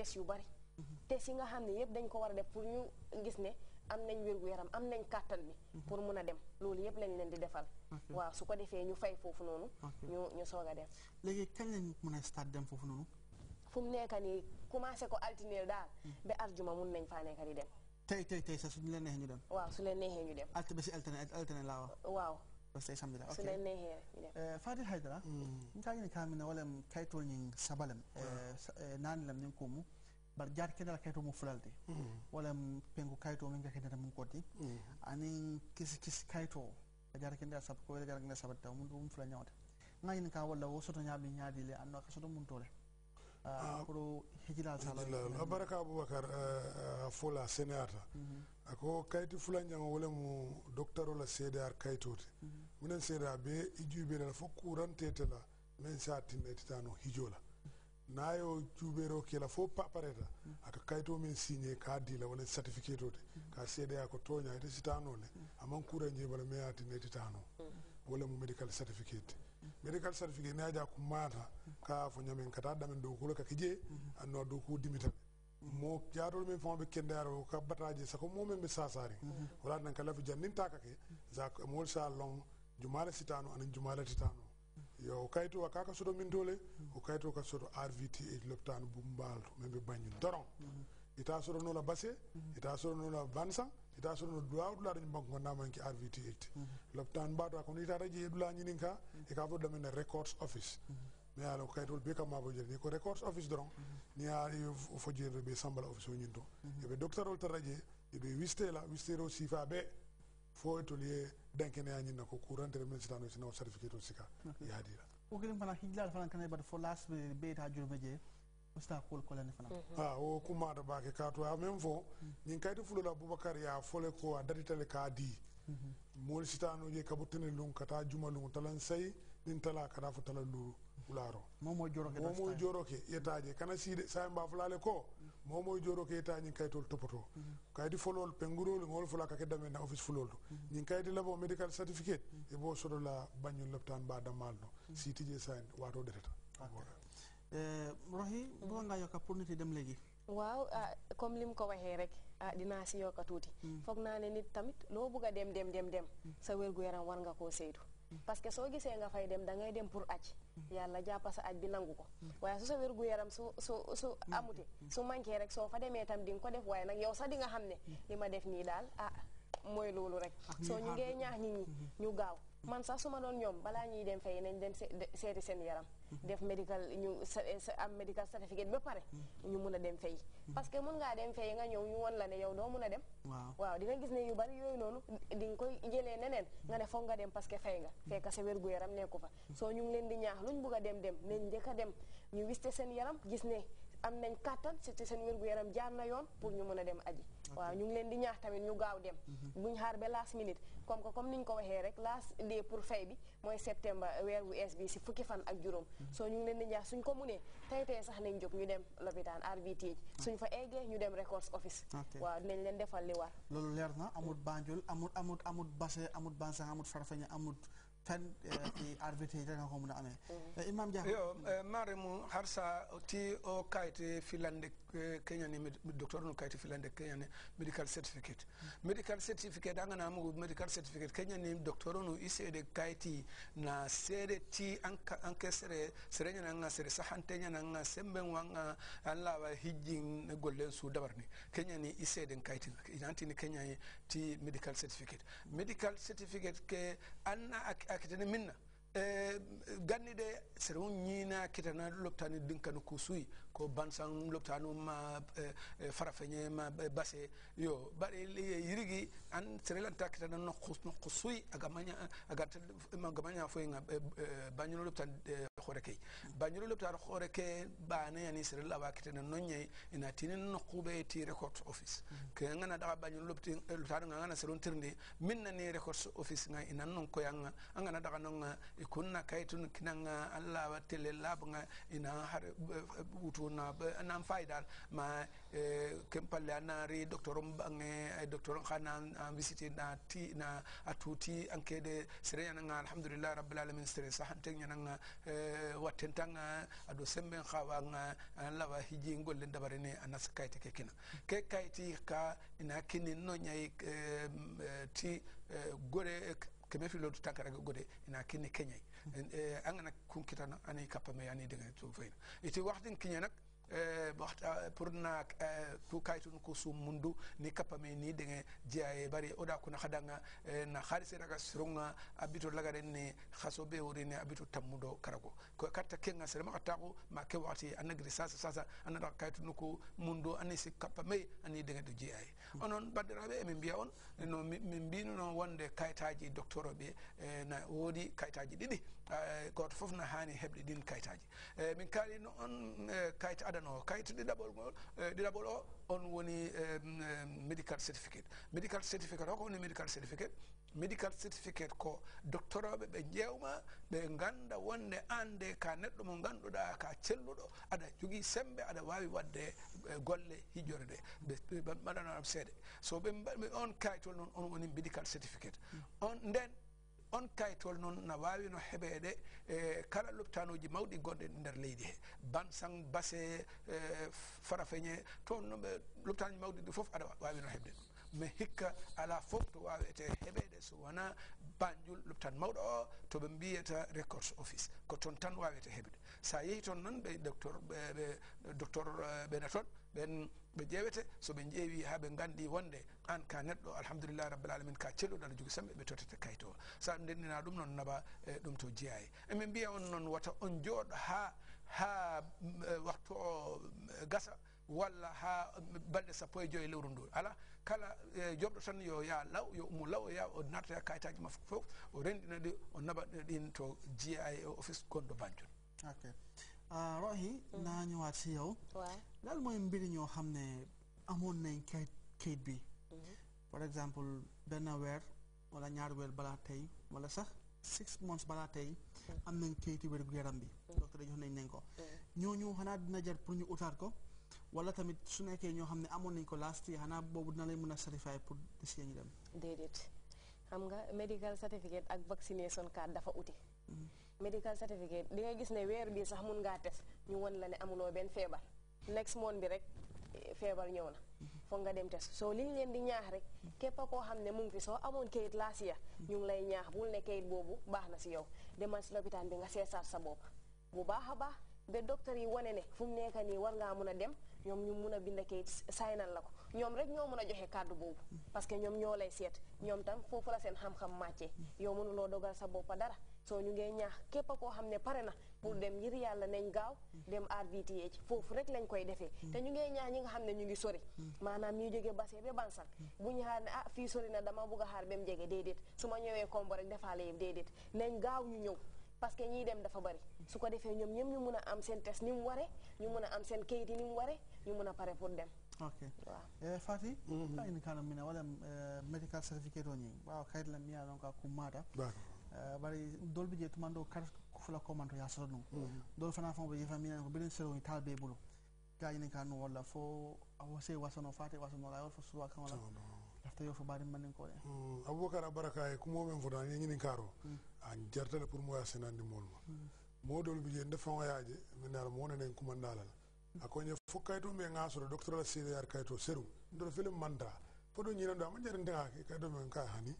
test yu bari test yi nga xam ne yëpp dañ ko war a def pour ñu gis ne am nañ wér-gu-yaram am nañ kàttan bi pour mun a dem loolu yëpp lañ leen di defal waaw su ko defee ñu fay foofu noonu ñu ñu soog a def léegi kañ lañ mun a start dem foofu noonu fu mu nekk nii commencé ko altiner daal mm. ba arjuma mun nañ faa nekk di dem tey tey tey sax suñu leen neexee ñu dem waaw su leen neexee ñu dem altine ba si altine altine laa wax waaw sai sam bila okay eh, fadil haidara nta ni kamina wala kaito ni sabalam eh, hmm. eh, nan lam nin kumu bar jar kedal kaito mu fulalde hmm. wala pengu kaito min ga kedal mun koti hmm. anin kis kis kaito jar kedal sab ko jar kedal sab ta mun dum fula nyaawta ngayin ka wala wo soto nyaabi nyaadi le anno ka soto mun tole ah, ah. pro hijilal sala ah, baraka abubakar fola senata mm-hmm. a ko kayiti fula ñama wole mu doctaro la cdr kayitote minen cdr be i la fo kurantete mhm. la men a tinna titano hijo la na yo ke la fo papareta a ka aka kayito min signé ka di la wala certificate ote mm ka cdr ko toña ite sitano le mhm. aman kura njebala me ya tinna titano mhm. wala mu medical certificate medical certificate ne aja ko ka fo ñamen kata damen dow kula ka kije anno dow ko dimitane mo jaatol min fama ɓe kendaro ka bataji sako momen mi sasari mm-hmm. wala nan ka lafi jannin takake za mol sa long jumala sitano anin jumala titano mm-hmm. yo o kayito a kaka soto min tole o mm-hmm. kayito ka soto rvth loptano bumbalto min ɓe bañin doron ita soto nola basse ita soto nola bansan ita soto no duwa ɗulaɗo ñum banko gondamanke rvth loptano mbato a kono itata jeeyi ɗula ñinin ka e ka fo ɗamen e records office ɓe haala ko kayitol ko records office doron mhm. ni ha fojirde ɓe sambala office o ñin to mhm. eɓe docteur ol taraje eɓe wistela fo tol ye dankene yañinna ko courantere min sitano sinawo certificat o sika yaadira okilim fana hijlal mhm. ah, fana kana baɗa fo lasɓe ɓeyta jurme jee usta kol kolani fana a o kummata bake ka to a ah, même fo ñin kayiti fulola boubacar ya fole ko a ah, datitale ka di mool sitanoje kaɓo tene lung kata juma lung talan sayi ɗin tala kata fo tala luuru pulaaro momoy joroke yetaje kana siide sayamba fulale ko momoy joroke yetañin kaytol topoto mm-hmm. kaydi folol pengurol ngol fula kake dame na office fulol to mm-hmm. ñin kaydi labo medical certificate mm-hmm. e bo sodo la bañol loptan ba damal no sitije sayn wato detata eh, rohi bëggoon ngaa yokka pour nit yi dem léegi waaw ah, comme li mu ko waxee rek ah dinaa si yokka tuuti foog naa ne nit tamit loo bugg a dem dem dem sa wér-gu-yaram war nga koo saytu parce que soo gisee nga fay dem da ngay dem pour aj yàlla jàppa sa aj bi nangu ko waaye su sa wér gu yaram su su su amute su manqué rek soo fa demee tam di nga ko def waaye nag yow sax di nga xam ne li ma def nii daal ah mooy loolu rek soo ñu ngee ñaax nit ñi ñu gaaw man sax su ma doon ñoom balaa ñuy dem fay nañ dem seeti seen yaram def médical ñu sa am médical certificate ba pare ñu mun a dem fay parce que mun ngaa dem fay nga ñëw ñu woon la ne yow doo mun a dem waaw di nga gis ne yu bari yooyu noonu di nga koy jëlee neneen nga ne foog nga dem parce que fay nga fekk sa wérgu yaram nekku fa soo ñu ngi leen di ñaax luñ bugg a dem dem nañ njëkk dem ñu wis wiste seen yaram gis ne am nañ kàttan ci seen wérgu yaram jaar na yoon pour ñu mun a dem aji waaw ñu ngi leen di ñaax tamit ñu gaaw dem mhm. buñ xaar ba last minute comme que comme niñ ko waxee rek last day pour fay bi mooy septembre weer wu es bi si fukki fan ak juróom mhm. soo ñu ngi leen di ñaax suñ ko munee tey tey sax nañ jóg ñu dem lopitaan RVTH ah. suñ fa eggee ñu dem records office waaw dinañ leen defal li war loolu leer na amut Banjul amut amut amut Basse amut Bansang amut Farfeñe amut fenn eh, i RVTH rek nga ko mun a amee mhm. eh, Imam Jaxate yo eh, maare mu harsa ti o kayite filande Kenya ni doctor no kaiti filande Kenya ni medical certificate medical certificate anga na mu medical certificate Kenya ni doctor no ise de kaiti na sere ti anka anke sere sere nya nga sere sahante nya nga sembe wanga alla wa hijjin gollen su dabarni Kenya ni ise de kaiti nanti ni Kenya ti medical certificate medical certificate ke anna akitene minna eh, ganni de sere un nyina kitana loptani dinkanu kusui ko bansang loptanu ma eh, eh farafenye ma eh, base yo bari eh, yirigi an sri lanka kitana no khus no a agamanya agata magamanya fo nga eh, banyulo loptan eh, khoreke banyulo loptan khoreke bane yani sri lawa kitana no nyai ina tinin no kube ti record office mm -hmm. ke ngana da banyulo loptan loptan ngana sri tirni minna ni record office nga ina non ko yanga ngana da no nga ikunna tuna ah, anan faydal ma eh, ken palle anari docteur um bange eh, docteur um khana an ah, visite na ti na atuti ankede sere yananga ah, alhamdulillah rabbil alamin sere sahante yananga eh, wattentanga ado semben khawanga lawa hiji golle a anas kayti ke kina ke kayti ka ina kinin no nyai ti gore kemeefillodu tankaraga gode ina kinni keñay mm-hmm. eh, na ga nak kun kitana ani kappa a ani dege to fayna iti waxtin kiñe nak Eh, waxta eh, pour na eh, ku kaytun ku sum mundu ni kapame ni denge jiyaye bari oda kuna hadanga na a daga sironga abito lagaren ne haso be a abito tammudo karago ko katta kenga serema kattaku ma ke wakati anagiri sasa sasa anada kaytun ku mundu ani si kapame ani denge do jiyaye hmm. onon bandiraɓe emin mbiya on no min mbinono wonde kaytaji docteur oɓe na woodi kaytaji ɗiɗi goto foof na hani heɓde ɗin kaytaji min kaalino on kayta ada no kayit ɗiɗaɓol ngol ɗiɗaɓol double eh, on woni eh, mm, eh, medical certificate medical certificate o ko woni medical certificate medical certificate ko doctoroɓe ɓe ƴewma ɓe ganda wonde an de ka neɗɗo mo da ka celluɗo aɗa jogui sembe ada wawi wadde golle hijjore nde ɓe mbaɗananam seeɗe so ɓe on kayitol noon on woni medical certificate mm. on then. on kayitol noon no wawino heɓede e kala lopitanuji mawɗi gonɗe nder leydi he bansan base farafeñe toon noon ɓe lopitanuji mawɗi ɗi foof aɗa wawino heɓde ɗum mais hikka ala fof to wawete heɓede so wona banjul loptan mawɗo o toɓe mbiyata records office ko toon tan wawete heɓde sa yeehi toon noon ɓe docteur ɓe docteur ɓene toon ɓen ɓe ƴeewete soɓe ƴeewi ha ɓe gandi wonde an ka neɗɗo alhamdulillah rabbilalamin ka celluɗo aɗa jogui sembe ɓe totete kayto sa ɗum ndennina ɗum noon naɓa e ɗum to jeeyay emin mbiya on noon wata on jooɗo ha ha e, waktu o e, gasa walla ha e, balɗe sappo e joyi lewru ndu ala kala e joɓɗo tan yo yaa law yo ummu law ya o nartoya kayitaji makko fof o rendinaɗi o naɓaɗ ɗin to jeeya office gonɗo banjon ok Ah, Rohi mm. naa ñëwaat si yow. waaw lan mooy mbiri ñoo xam ne amoon nañ kayit kayit bi. Mm-hmm. par exemple benn weer wala ñaari weer balaa tey wala sax six months balaa tey. Mm. am nañ kayiti wér gu yaram bi. Mm. docteur jox nañ nañ ko. ñooñu xanaa dina jar pour ñu utaat ko. wala tamit su nekkee ñoo xam ne amoon nañ ko last year xanaa boobu dina lay mën a certifié pour décider ñu dem. déedéet xam nga medical certificate ak vaccination card dafa uti. medical certificate di nga gis ne wer bi sax mun nga test ñu won la ne amulo ben febar next month bi rek eh, febar ñëw na nga dem test So liñ leen di ñaax rek kep ko xamne ne mu ngi fi so amone kayit last year ñu ngi lay ñaax bul ne kayit bobu baax na si yow demal ci l'hôpital bi nga sésar sa bop bu baaxa ba be docteur yi woné ne fu mu war nga mëna a dem ñom ñu mëna bind kayit saynal lako ñom rek ñoo mëna a joxe cadeau bobu parce que ñom ñoo lay sét ñom tam fofu la seen xam-xam maccé yow lo dogal sa bopp dara soo ñu ngee ñaax képp koo xam ne pare na pour dem ngir yàlla nañ gaaw dem RVTH foofu rek lañ koy defee te ñu ngee ñaax ñi nga xam ne ñu ngi sori maanaam ñu jege basee ba bansak bu ñu xaar ne ah fii sori na dama bugg xaar ba mu jege déedéet su ma ñëwee kombo rek defaale yëpp déedéet nañ gaaw ñu ñëw parce que ñiy dem dafa bari su ko defee ñoom ñëpp ñu mun a am seen test ni mu waree ñu mun a am seen kayit yi ni mu waree ñu mun a pare pour dem Okay. mu Uh, eh, Fati, mm -hmm. ini kana mina wala uh, Eh, bari dol bi je tumando kar fula komando ya sonu mm-hmm. dol fana fon bi famina ko bilen sero ni talbe bulu gaji ni kanu wala fo awose wasono fate wasono la fo suwa kan wala lafta yo fo bari man ko ne mm. abubakar baraka e kumo men fodan ni ni karo mm. an jartale pour mo yasinandi molma mm. mo dol bi je ndefan wayaje minal mo ne kuma ndalal akonye fo kayto me ngasoro docteur la sire yar kayto seru ndol film manda fodo nyina ndo am jarinte ka kayto men ka hani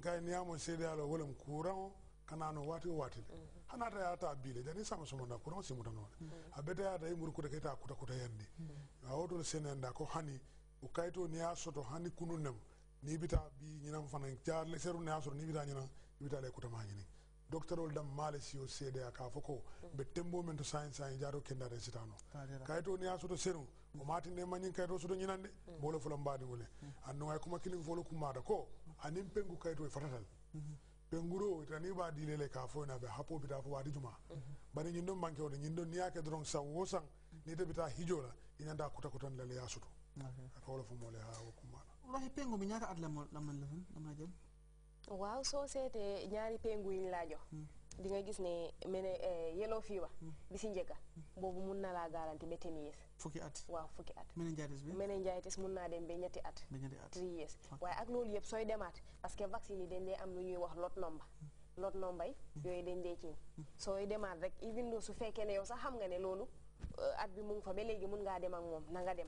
nga ni amo sede alo wolem courant kana no wati wati le mhm. hanata ya ta bile dani sama sama na courant simu tanone mhm. abete ya ta imur kuta kita kuta kuta yandi mhm. awoto senenda ko hani ukaito ni asoto hani kununem ni bita bi ñinam fana jaar le seru ne asoto ni bita ñina le kuta ma ñini docteur ol dam male siyo sede ya ka foko be tembo men to science science jaro kenda de sitano kaito ni asoto seru o mati ne mañin kaito soto ñinande bolo fulam badi wole anno ay kuma kilim folo kumada ko ani pengu kayito e ro penguro ni ba dilele ka fo na be hapo bita fo wadi juma bani nyindo manke o nyindo ni yake drong sa wosan ni te bita hijola inanda kuta kutan lele ya sutu ata wala fo mole ha wo kumala wallahi pengu mi nyaka adla mo lamna lamna jem waaw so te nyaari pengu in lajo di nga gis ne mene eh, yellow fever hmm. bi si njëkka boobu mun na laa garanti ba ten years fukki at waaw fukki at meningitis bi meningitis mun naa dem ba ñetti at ba years waaye ak loolu yëpp sooy demaat parce que vaccine yi dañ dee am lu ñuy wax lot number hmm. lot number hmm. yooyu dañ dee ciiñ sooy demaat rek even though su fekkee ne yow sax xam nga ne loolu eh, at bi mu ngi ba léegi mun ngaa dem ak moom na nga dem